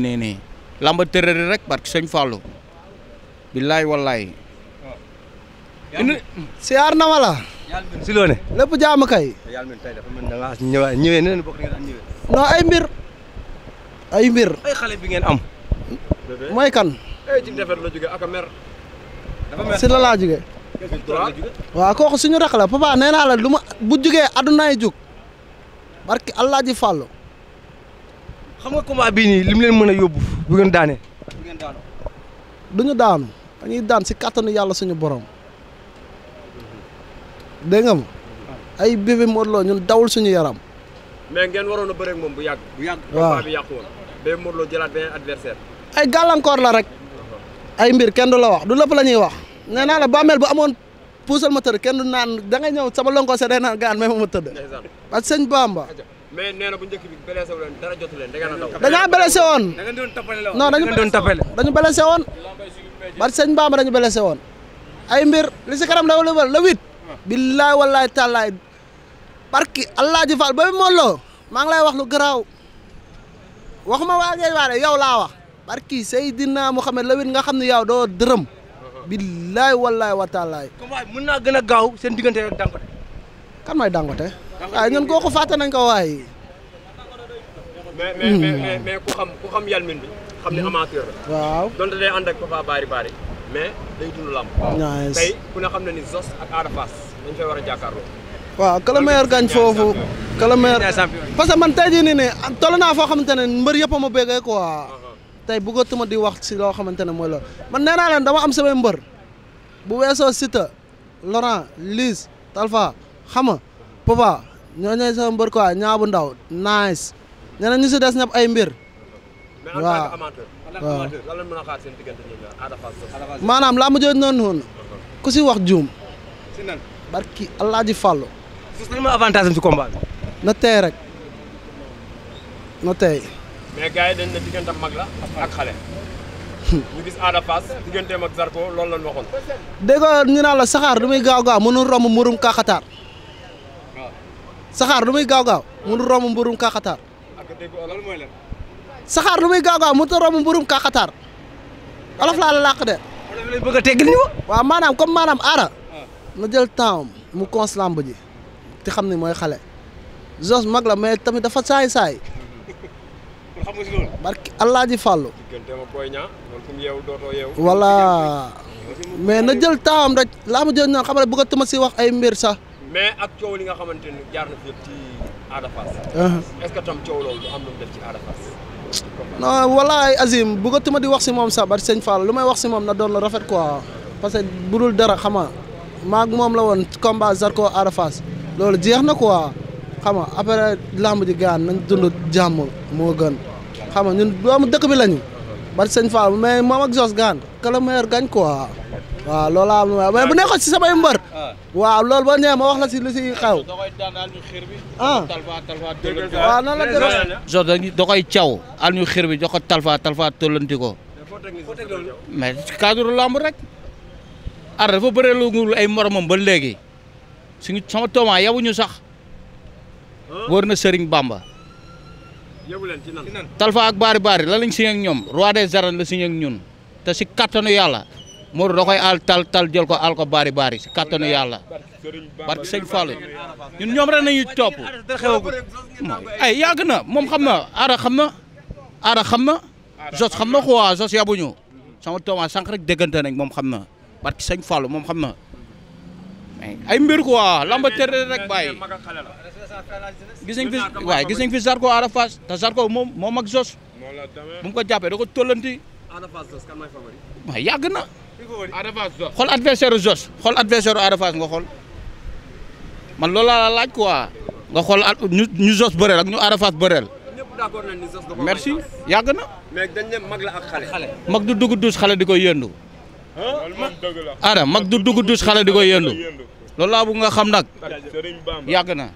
nee nee nee lamba tërëri rek barke sëñ Fallou billaay wallaay. si loo ne. lépp jaamu kay. yàlla ay mbir. ay mbir. xale bi ngeen am. mooy kan. Eh, la jóge ak si la laa jóge. kooku suñu rakk la papa nee la lu bu jógee adunaay jóg barke allah ji xam nga combat bii nii lim leen mën a yóbbu bu ngeen daanee. bu ngeen daanu dañuy daan si kàttanu yàlla suñu borom dégg nga ma ay bébé Modou Lo ñun dawul suñu yaram. mais ngeen waroon a bëre moom bu yàgg. bu yàgg combat bi yàqu woon. jëlaat ay gàllankoor la rek. ay mbir kenn du la wax du lépp la ñuy wax nee naa la bàmmeel bu amoon puusal ma tëdd kenn du naan da nga ñëw sama lonko se day naan gaan mais ma ma tëdd. parce que baam Bamba. mais nee na bu njëkk bi blessé wu leen dara jotu leen da ngeen a daw. dañaa blessé woon. da ngeen doon tapale la woon non dañu doon tapale. woon. bari sëñ Bamba dañu blessé woon. ay mbir li si kanam la wala la huit. billaay wallaay tàllaay barki allah ji faal ba Modou Lo maa ngi lay wax lu garaaw waxuma waa ngeen waane yow laa wax barki Seydina Muhammad la huit nga xam ne yow doo dërëm. billaay wallaay wa tàllaay. mën naa gën a gaaw seen diggante ak Dangote. kan mooy Dangote. waaye ah, ñun kooku fàtte nañ ko waaye. Hmm. bi. xam hmm. waaw donte day xam na waaw que le foofu. que le parce que man tey jii nii ne toll naa foo xamante ne mbër yëpp a ma béggee quoi. Ah, ah. tey bëggatuma di wax si loo xamante ne mooy loolu man nee leen dama am samay mbër bu weesoo Siteu Laurent Lise Talfa xama Papa ñoo ñooy sama mbër quoi ñaa bu ndaw nice ñeneen ñu si des ñëpp ay mbir. waaw maanaam laa ma jooju noonu noonu uh-huh. ku si wax juum. si nan barki allah ji fàllu. suuf si ma avantage rek na tey. mais gars yi dañ ne diggante mag la ak xale. ñu gis Ada saxaar du muy gaaw gaaw mënul romb murum kaxataar. saxaar lu muy gaaw gaaw mënu romb mburum kaaxataar saxaar lu muy gaaw gaaw mënut a romb mburum kaaxataar olof laa la làq de. maanaam comme maanaam aara. na jël temps mu cons lamb ji. te xam ne mooy xale. Zoss mag la mais tamit dafa saay saay. xam nga si loolu. barki allah ji fàllu. voilà mais na jël temps rek laa ma jël ñoom xam nga bëggatuma si wax ay mbir sax. mais ak coow li nga xamante ni jaar na fi yëpp ci uh-huh. tam coow di wax si moom sax bari sëñ Fall lu may wax si moom na doon la rafet quoi parce que bu dul dara xama maag moom la woon combat Zarko Ada Fass loolu jeex na quoi xam nga après làmb ji gaan nañ dund jàmm moo gën xam nga ñun doomu dëkk bi lañu. bari sëñ Fall mais moom ak Jos gaan que le meilleur gagne quoi waaw loolu am na mais bu nekkoon si samay mbër. Ah. waaw loolu ba nee ma wax la si lu si xew. ah waaw noonu la demee. Jos da koy al ñu xir bi jox ko talfa talfa tollanti ko. mais rek. ar dafa bëree lu ay moromam ba léegi suñu sama tooma yabuñu sax ah. wóor na Serigne Bamba. yóbbu leen ci nan Talfa ak Bari Bari la lañ signé ak ñoom roi des arènes la signé ak ñun te si kattanu yàlla Modou da koy aal tal tal jël ko aal ko Bari Bari si kattanu yàlla barke sëñ Fallou ñun ñoom rek nañu topp ay yàgg na moom xam na aara xam na aara xam na jos xam na quoi jos yabuñu sama tooma sànq rek déggante nañ moom xam na barke sëñ Fallou moom xam na ay mbir quoi lamba tëddee rek bàyyi gis fi waaye gis nañ fi Zarko Ada Fass te Zarko moom moo mag Zos bu mu ko jàppee da ko tollanti. Ada yàgg na. Ada Fass Zos xool adversaire Zos nga xol ma loolu laa la laaj quoi nga xool ñu ñu Zos bëreel ak ñu Ada Fass bëreel. merci yàgg na. mais dañ mag du dugg dus xale di koy yëndu. ah mag du dugg dus xale di koy yëndu. loolu laa bëgg nga xam nag yàgg na